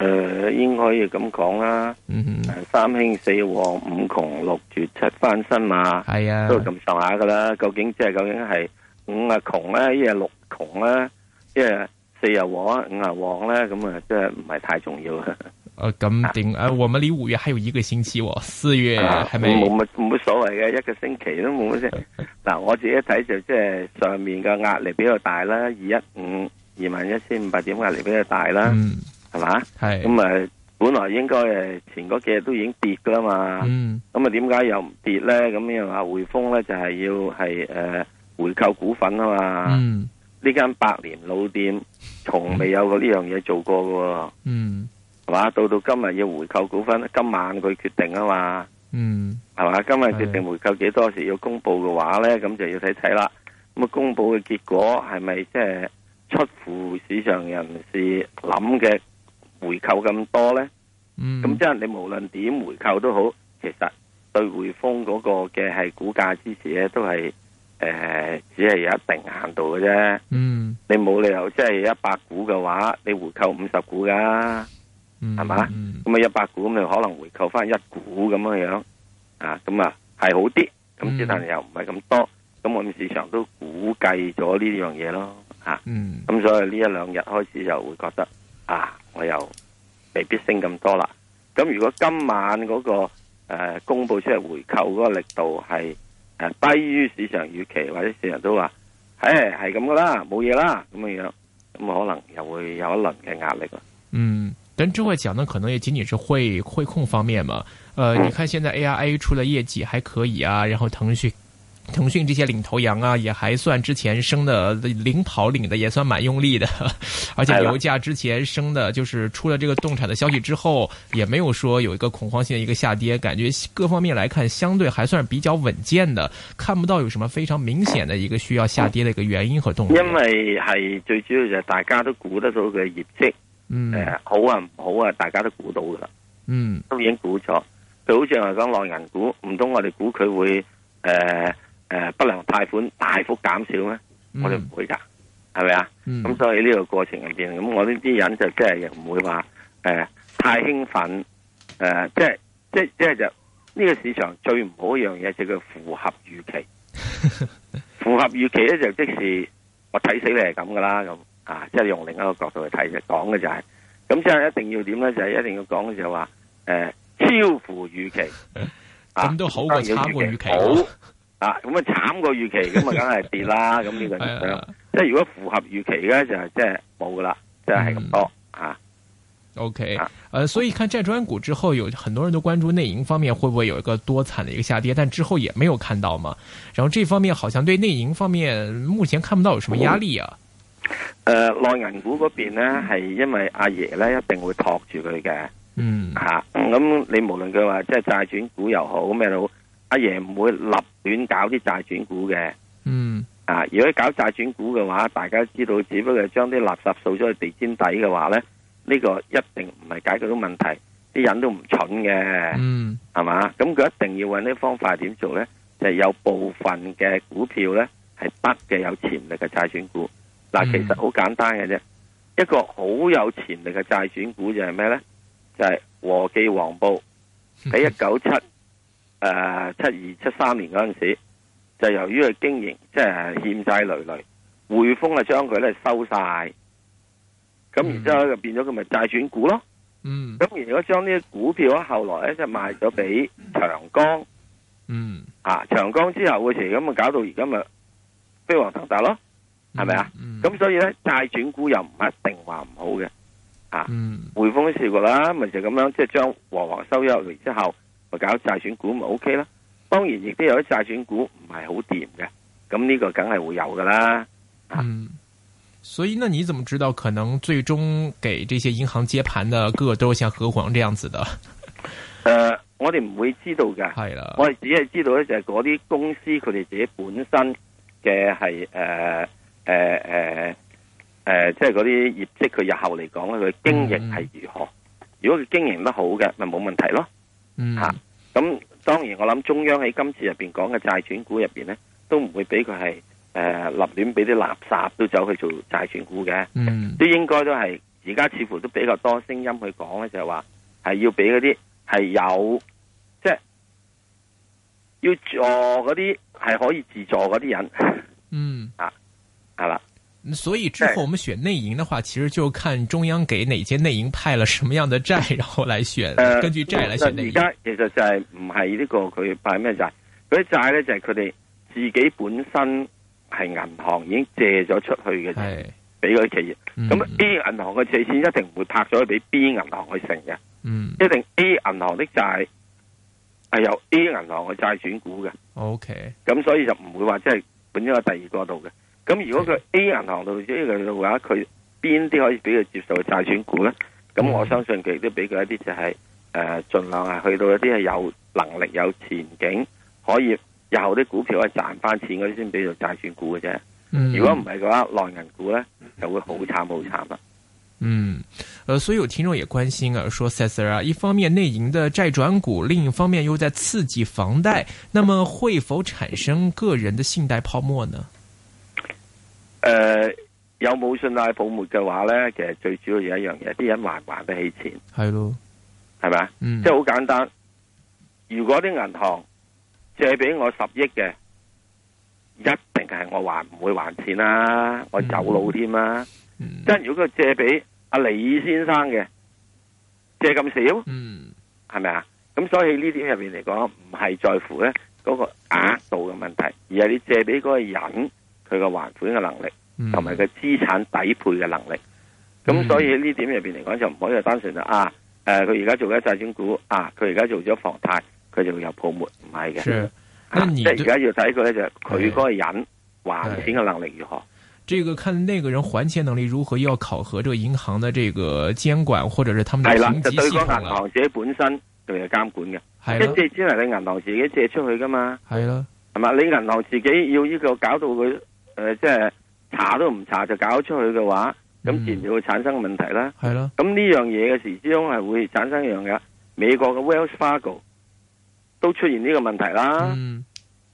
誒、呃，應該要咁講啦。嗯嗯哼三興四旺五窮六絕七翻身啊係啊，哎、呀都係咁上下噶啦。究竟即係究竟係五窮啊窮咧、啊，一係六窮咧，一係四又旺，五又旺咧，咁啊，即係唔係太重要的啊。 啊咁點？誒、啊，我們離五月還有一個星期喎，四月還沒。冇冇冇所謂嘅，一個星期都冇乜啫。嗱、 啊，我自己睇就即係上面嘅壓力比較大啦，二一五二萬一千五百點壓力比較大啦。嗯係嘛？係咁誒，是本來應該誒前嗰幾日都已經跌噶啦嘛。咁啊、嗯，點解又唔跌咧？咁樣話匯豐咧就係要係誒回購股份啊嘛。呢間百年老店，從未有過呢樣嘢做過噶。係嘛、嗯？到到今日要回購股份，今晚佢決定啊嘛。係嘛、嗯？今日決定回購幾多時要公布嘅話咧，咁就要睇睇啦。咁啊，公布嘅結果係咪即係出乎市場人士諗嘅？回購咁多呢？咁、嗯、即係你無論點回購都好，其實對匯豐嗰個嘅係股價支持呢，都、呃、係只係有一定限度嘅啫。嗯、你冇理由即係一百股嘅話，你回購五十股噶，係咪？咁啊一百股咁，你可能回購翻一股咁樣樣啊，咁啊係好啲，咁之但又唔係咁多，咁我哋市場都估計咗呢樣嘢咯，咁、啊嗯、所以呢一兩日開始就會覺得啊。我又未必升咁多啦。咁如果今晚嗰、那個誒、呃、公布出嚟回購嗰個力度係誒低於市場預期，或者成日都話誒係咁噶啦，冇嘢啦咁樣，咁可能又會有一輪嘅壓力啦。嗯，等中國講呢，可能也僅僅是匯匯控方面嘛。誒、呃，你看現在 AIA 出嚟業績還可以啊，然後騰訊。騰訊這些領頭羊啊，也還算之前升的領跑領的，也算蠻用力的。而且油價之前升的，就是出了這個凍產的消息之後，也沒有說有一個恐慌性的一個下跌，感覺各方面來看相對還算比較穩健的，看不到有什麼非常明顯的一個需要下跌的一個原因和動力。因為係最主要就係大家都估得到佢嘅業績，嗯、呃，好啊唔好啊，大家都估到噶啦，嗯，都已經估咗。佢好似話講浪人股，唔通我哋估佢會誒？呃誒、呃，不良貸款大幅減少咧，嗯、我哋唔會噶，係咪啊？咁、嗯、所以呢個過程入邊，咁我呢啲人就即係唔會話誒、呃、太興奮，誒、呃、即係即係即係就呢、這個市場最唔好一樣嘢就叫符合預期， 符合預期咧就是、即時我睇死你係咁噶啦咁啊！即係用另一個角度去睇就講嘅就係、是，咁即係一定要點咧就係、是、一定要講就話誒、呃、超乎預期，咁、欸啊、都好過差過預期。好 啊，咁啊慘過預期，咁啊梗係跌啦，咁呢個咁樣，即係如果符合預期嘅，就係即係冇噶啦，即係係咁多吓。嗯啊、OK，誒、呃，所以看債轉股之後，有很多人都關注內銀方面會唔會有一個多慘嘅一個下跌，但之後也沒有看到嘛。然後這方面好像對內銀方面目前看不到有什麼壓力啊。誒、嗯，內、呃、銀股嗰邊呢，係因為阿爺咧一定會托住佢嘅，嗯吓，咁、啊、你無論佢話即係債轉股又好咩都好。阿爺唔會立亂搞啲債轉股嘅，嗯，啊，如果搞債轉股嘅話，大家都知道，只不過將啲垃圾掃咗去地氈底嘅話咧，呢、這個一定唔係解決到問題，啲人都唔蠢嘅，嗯，係嘛，咁佢一定要揾啲方法點做呢？就係、是、有部分嘅股票呢，係得嘅有潛力嘅債轉股，嗱、啊，其實好簡單嘅啫，嗯、一個好有潛力嘅債轉股就係咩呢？就係、是、和記黃埔喺一九七。 誒，七二七三年嗰陣時，就由於佢經營即係欠債累累，匯豐啊將佢咧收晒，咁、嗯、然之後就變咗佢咪債轉股咯。嗯，咁如果將呢啲股票咧後來咧即賣咗俾長江，嗯、啊，長江之後嘅時咁咪搞到而家咪飛黃騰達咯，係咪啊？咁、嗯嗯、所以咧債轉股又唔一定話唔好嘅，啊，嗯、匯豐都試過啦，咪就咁、是、樣即係將和黃收咗入嚟之後。我搞債券股咪 OK 啦，當然亦都有啲債券股唔係好掂嘅，咁呢個梗係會有噶啦。嗯，所以那你怎麼知道，可能最終給這些銀行接盤的個個都像和黃這樣子的？誒、呃，我哋唔會知道噶，的我哋只係知道咧就係嗰啲公司佢哋自己本身嘅係誒誒誒誒，即係嗰啲業績佢日後嚟講咧，佢經營係如何？嗯、如果佢經營得好嘅，咪冇問題咯。吓，咁、嗯啊、當然我諗中央喺今次入邊講嘅債轉股入邊咧，都唔會俾佢係誒立亂俾啲垃圾都走去做債轉股嘅，嗯、都應該都係而家似乎都比較多聲音去講咧，就係話係要俾嗰啲係有即係、就是、要助嗰啲係可以自助嗰啲人，嗯啊係啦。所以之後我們選內營的話，是其實就看中央給哪間內營派了什麼樣的債，然後來選，呃、根據債來選內營。其實而家其實就係唔係呢個佢派咩債，嗰啲債呢，就係佢哋自己本身係銀行已經借咗出去嘅，就俾嗰啲企業。咁、嗯、A 銀行嘅借錢一定唔會拍咗去俾 B 銀行去承嘅，嗯，一定 A 銀行的債係由 A 銀行去債轉股嘅。OK，咁所以就唔會話即係本身喺第二個度嘅。咁如果佢 A 銀行度即係嘅話，佢邊啲可以俾佢接受債轉股咧？咁我相信佢亦都俾佢一啲、就是，就係誒儘量係去到一啲係有能力、有前景可以以後啲股票可以賺翻錢嗰啲先俾做債轉股嘅啫。如果唔係嘅話，內銀股咧就會好慘好慘啦。嗯，誒、呃，所以有聽眾也關心啊，石 Sir 啊，一方面內銀的債轉股，另一方面又在刺激房貸，那麼會否產生個人的信貸泡沫呢？誒、呃，有冇信貸泡沫嘅話咧？其實最主要有一樣嘢，啲人還還得起錢。係咯的，係咪吧？嗯，即係好簡單。如果啲銀行借俾我十億嘅，一定係我還唔會還錢啦、啊，我走佬添啦。即係如果佢借俾阿李先生嘅，借咁少，嗯，係咪啊？咁、嗯、所以呢啲入面嚟講，唔係在乎咧嗰個額度嘅問題，而係你借俾嗰個人。佢嘅還款嘅能力，同埋佢資產抵配嘅能力，咁、嗯、所以呢點入邊嚟講就唔可以單純就、嗯、啊，誒佢而家做緊債轉股啊，佢而家做咗房貸，佢就會有泡沫，唔係嘅。咁而即係而家要睇佢咧，就佢嗰個人還錢嘅能力如何？這個看那個人還錢能力如何，要考核這銀行嘅這個監管，或者是他們的行紀係個銀行者本身佢有監管嘅，即借先係你銀行自己借出去㗎嘛。係咯的，係嘛？你銀行自己要呢個搞到佢。誒，即係查都唔查就搞出去嘅話，咁自然就會產生問題啦。係咯、嗯，咁呢樣嘢嘅時之中係會產生一樣嘅，美國嘅 Wells Fargo 都出現呢個問題啦。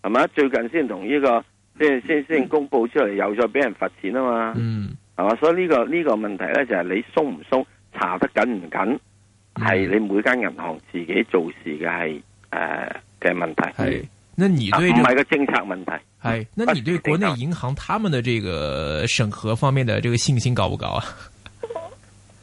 係嘛、嗯，最近先同呢個先先先公布出嚟，又再俾人罰錢啊嘛。係嘛、嗯，所以呢、呢個呢、呢個問題咧就係、是、你鬆唔鬆，查得緊唔緊，係、嗯、你每間銀行自己做事嘅係誒嘅問題。那你對唔係、啊、個政策問題、哎？那你對國內銀行他們的這個審核方面的這個信心高不高啊？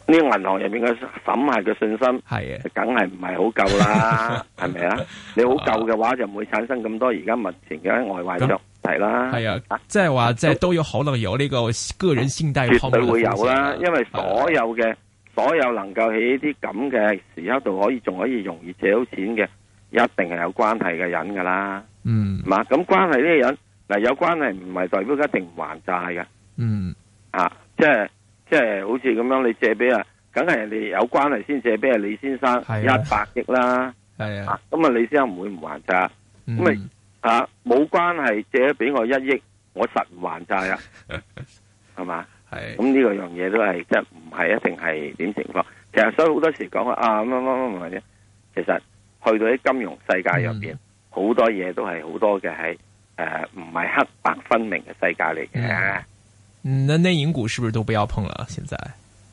呢個銀行入邊嘅審核嘅信心係啊，梗係唔係好夠啦，係咪啊？你好夠嘅話就唔會產生咁多而家目前嘅外壞賬，係啦，係啊，即係話即係都有可能有呢個個人信貸，絕對會有啦、啊，啊、因為所有嘅、啊、所有能夠喺啲咁嘅時刻度可以仲可以容易借到錢嘅。一定係有關係嘅人噶啦，嗯，係嘛，咁關係呢個人嗱有關係唔係代表一定唔還債噶，嗯，啊，即係即係好似咁樣你借俾啊，梗係人哋有關係先借俾啊李先生一百億啦，係啊，咁啊李先生唔會唔還債，咁、嗯、啊啊冇關係借俾我，我一億，我實唔還債啊，係嘛是，係，咁呢個樣嘢都係即係唔係一定係點情況，其實所以好多時講啊啊乜乜乜其實。去到啲金融世界入邊，好、嗯、多嘢，都係好多嘅，喺誒，唔係、呃、黑白分明嘅世界嚟嘅。嗯，內地銀股是不是都不要碰啦？現在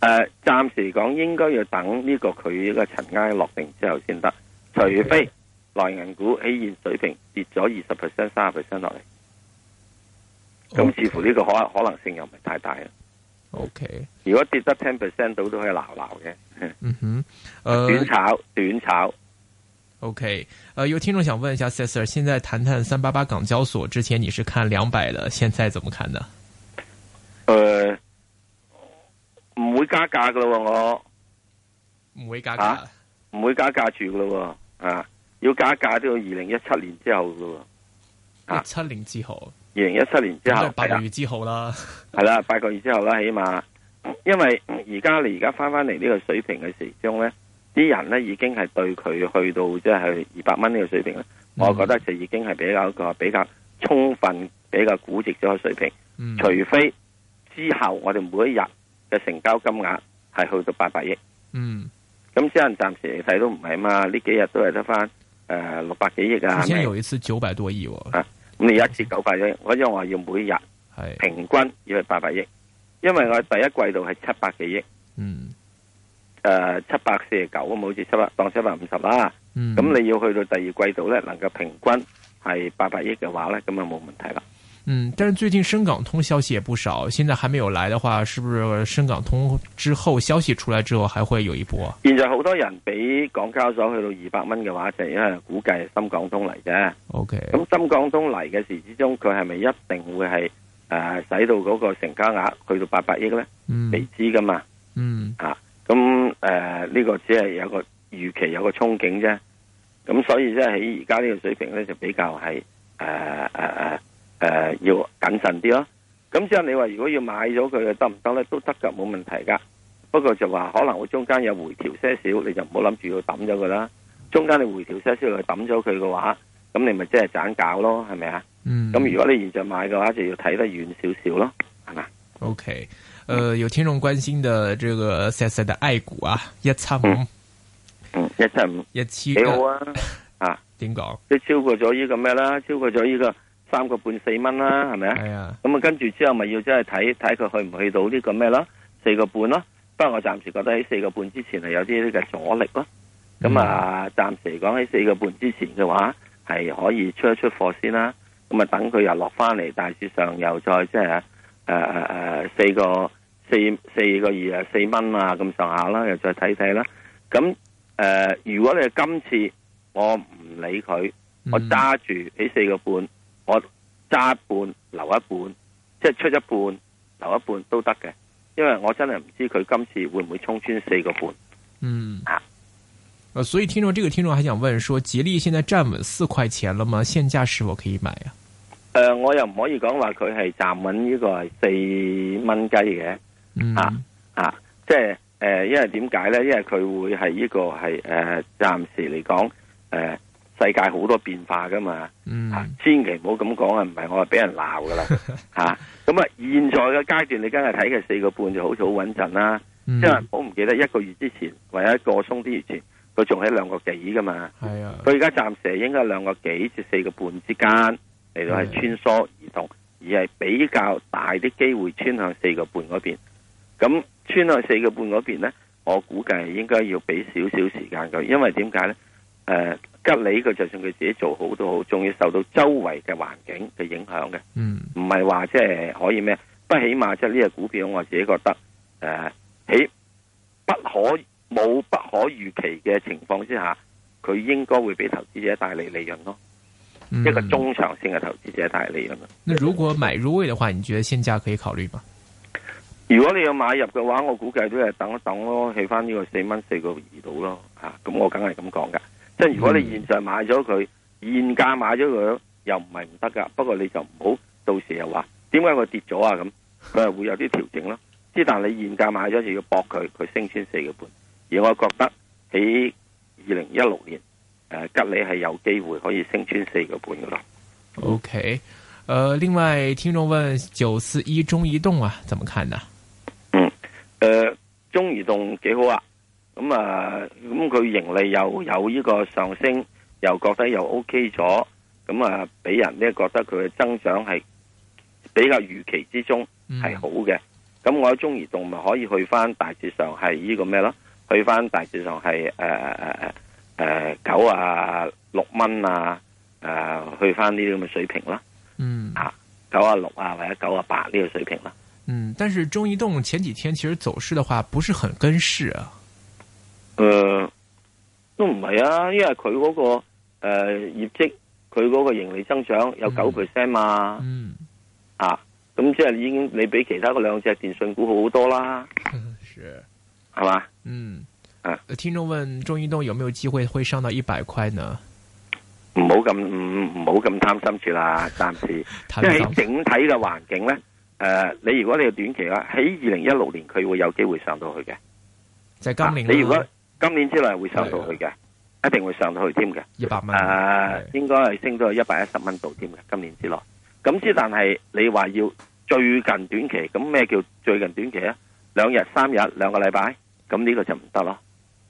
誒，暫、呃、時講應該要等呢個佢呢個塵埃落定之後先得，除非內銀股喺現水平跌咗二十 percent、三十 percent 落嚟，咁似乎呢個可 Okay. 可能性又唔係太大啊。O Okay . K，如果跌得 ten percent 到都可以撈撈嘅。 嗯、哼，誒、呃，短炒，短炒。OK，誒、呃，有聽眾想問一下 Sir，現在談談三八八港交所，之前你是看兩百嘅，現在怎麼看呢？誒、呃，唔會加價噶咯，我唔會加價，唔、啊、會加價住噶咯，啊，要加價都要二零一七年之後噶，一、啊、七年之後，二零一七年之後，八個月之後啦，係啦、哎呀，八 個月之後啦，起碼，因為而家你而家翻翻嚟呢個水平嘅時將咧。啲人咧已經係對佢去到即係二百蚊呢個水平咧，嗯、我覺得就已經係比較一個比較充分、比較估值咗嘅水平。嗯、除非之後我哋每一日嘅成交金額係去到八百億。嗯，咁先暫時嚟睇都唔係啊嘛，呢幾日都係得翻誒六百幾億啊。之前有一次九百多億喎、啊。吓、啊，咁你一次九百億，哦、我億是因為我要每日平均要係八百億，因為我第一季度係七百幾億。嗯。誒、呃，七百四十九啊，好似七百當七百五十啦。咁你要去到第二季度咧，能夠平均係八百億嘅話咧，咁啊冇問題啦。嗯，但係最近深港通消息也不少，現在還沒有來的話，是不是深港通之後消息出來之後還會有一波？現在好多人俾港交所去到二百蚊嘅話，就因為估計深港通嚟嘅。O K。咁深港通嚟嘅時之中，佢係咪一定會係誒使到嗰個成交額去到八百億咧？未知噶嘛。嗯。啊、嗯。誒，呢個只係有個預期，有個憧憬啫。咁所以即係喺而家呢個水平咧，就比較係誒誒誒誒要謹慎啲咯。咁之後你話如果要買咗佢嘅得唔得咧？都得噶，冇問題噶。不過就話可能會中間有回調些少，你就唔好諗住要抌咗佢啦。中間你回調些少去抌咗佢嘅話，咁你咪即係盞搞咯，係咪啊？嗯。咁如果你現在買嘅話，就要睇得遠少少咯，係咪？OK。誒、呃，有聽眾關心嘅，這個晒晒嘅愛股啊，一七五，嗯，嗯，一七五，一七幾好啊，啊點講，即係，啊、超過咗呢個咩啦，超過咗呢，這個三個半四蚊啦，係咪啊？係啊。咁啊，哎呀，跟住之後咪要真係睇睇佢去唔去到呢個咩咯，四個半咯，啊。不過我暫時覺得喺四個半之前係有啲呢個阻力咯，啊。咁，嗯，啊，暫時嚟講喺四個半之前嘅話，係可以出一出貨先啦。咁啊，等佢又落翻嚟，大市上又再即係誒誒誒四個，四四個二啊，四蚊啊咁上下啦，又再睇睇啦。咁誒，如果你今次我唔理佢，嗯、我揸住起四個半，我揸半留一半，即係出一半留一半都得嘅，因為我真係唔知佢今次會唔會衝穿四個半。嗯啊，所以聽眾，這個聽眾還想問說，說吉利現在站穩四塊錢了嗎？現價是否可以買啊？誒、呃，我又唔可以講話佢係站穩呢個係四蚊雞嘅。.啊啊，即係誒、呃，因為點解咧？因為佢會係呢、這個係誒，暫、呃、時嚟講，誒、呃，世界好多變化噶嘛。嗯、啊，千祈唔好咁講啊，唔係我係俾人鬧噶啦。吓，咁啊，現在嘅階段你梗係睇佢四個半就好似好穩陣啦。即係、嗯、我唔記得一個月之前，或者過鬆啲月前，佢仲喺兩個幾噶嘛。係啊，佢而家暫時應該兩個幾至四個半之間嚟到係穿梭移動，啊、而係比較大啲機會穿向四個半嗰邊。咁穿落去四個半嗰邊咧，我估計應該要俾少少時間佢，因為點解咧？誒、呃，吉利佢就算佢自己做好都好，仲要受到周圍嘅環境嘅影響嘅，唔係話即係可以咩？不過起碼即係呢隻股票我自己覺得，誒、呃、喺不可冇不可預期嘅情況之下，佢應該會俾投資者帶嚟利潤咯，嗯、一個中長線嘅投資者帶嚟利潤。那如果買入位嘅話，你覺得現價可以考慮嗎？如果你要買入嘅話，我估計都係等一等咯，起翻呢個四蚊四個二度咯，咁、啊啊啊啊、我梗係咁講噶。即係如果你現在買咗佢，現價買咗佢又唔係唔得噶，不過你就唔好到時又話點解佢跌咗啊咁，佢係會有啲調整咯。即係但你現價買咗就要搏佢，佢升穿四個半。而我覺得喺二零一六年，誒、呃、吉利係有機會可以升穿四個半噶。OK，誒、呃，另外聽眾問九四一中移動啊，怎麼看呢？誒、呃，中移動幾好啊！咁、嗯、啊，咁、嗯、佢、嗯、盈利又有呢個上升，又覺得又 OK 咗，咁、嗯、啊，俾、嗯嗯、人咧覺得佢嘅增長係比較預期之中，係好嘅。咁、嗯、我喺中移動咪可以去翻大致上係呢個咩咯？去翻大致上係誒誒誒誒九啊六蚊啊，誒、呃、去翻呢啲咁嘅水平啦。嗯，啊九啊六啊或者九啊八呢個水平啦。嗯，但是中移動前幾天其實走勢嘅話不是很跟市啊。誒、呃，都唔係啊，因為佢嗰、那個誒、呃、業績，佢嗰個盈利增長有九 percent 嘛。嗯。啊，咁、嗯啊、即係已經你比其他嗰兩隻電信股好好多啦。是。係嘛吧？嗯。誒、啊，聽眾問中移動有沒有機會會上到一百塊呢？唔好咁唔好咁貪心住啦，暫時。因為喺整體嘅環境咧。誒、呃，你如果你有短期啦，喺二零一六年佢會有機會上到去嘅，就係今年，啊。你如果今年之內會上到去嘅，的一定會上到去添嘅，一百蚊。呃、是，的應該係升到去一百一十蚊度添嘅，今年之內。咁之但係你話要最近短期，咁咩叫最近短期啊？兩日、三日、兩個禮拜，咁呢個就唔得咯。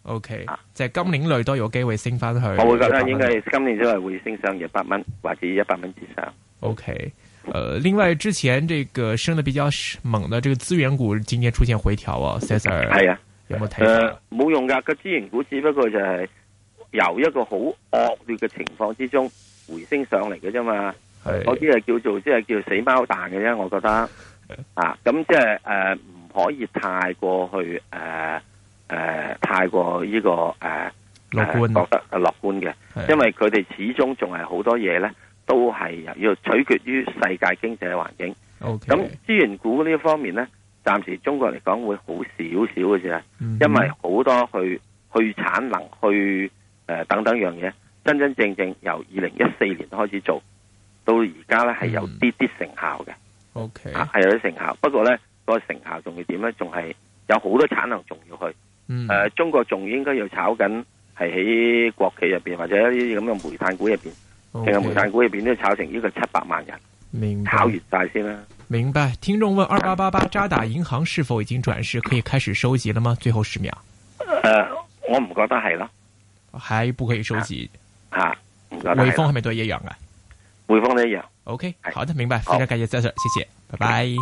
OK，即係、啊、今年內都有機會升返去。我會覺得應該今年之內會升上一百蚊，或者一百蚊之上。OK。誒、呃，另外之前這個升得比較猛的這個資源股，今天出現回調啊 s a r 係啊，有冇睇？誒、呃，冇用噶，個資源股只不過就係由一個好惡劣嘅情況之中回升上嚟嘅啫嘛，係嗰啲係叫做即係、就是、叫死貓大嘅死貓彈嘅，啫。我覺得是啊，咁即係誒唔可以太過去誒誒、呃呃、太過呢、這個誒、呃、樂觀，覺得誒樂觀嘅，因為佢哋始終仲係好多嘢咧。都係要取決於世界經濟嘅環境。咁 Okay. 資源股呢一方面呢，暫時中國嚟講會好少少嘅啫，mm hmm. 因為好多去去產能去、呃、等等樣嘢，真真正正由二零一四年開始做到而家呢，係、mm hmm. 有啲啲成效嘅。O K，係有啲成效，不過呢、呢個成效仲要點呢？仲係有好多產能仲要去。誒、mm hmm. 呃，中國仲應該要炒緊係喺國企入邊或者一啲咁嘅煤炭股入邊。其實煤炭股入邊都炒成呢個七百萬人，炒完晒先啦。明白，聽眾問二八八八渣打銀行是否已經轉市，可以開始收集了嗎？最後十秒。誒、呃，我唔覺得係咯，還不可以收集啊。啊匯豐係咪對一樣啊匯豐都一樣。OK，是好的，明白。非常感謝在者，好謝謝，拜拜。Okay.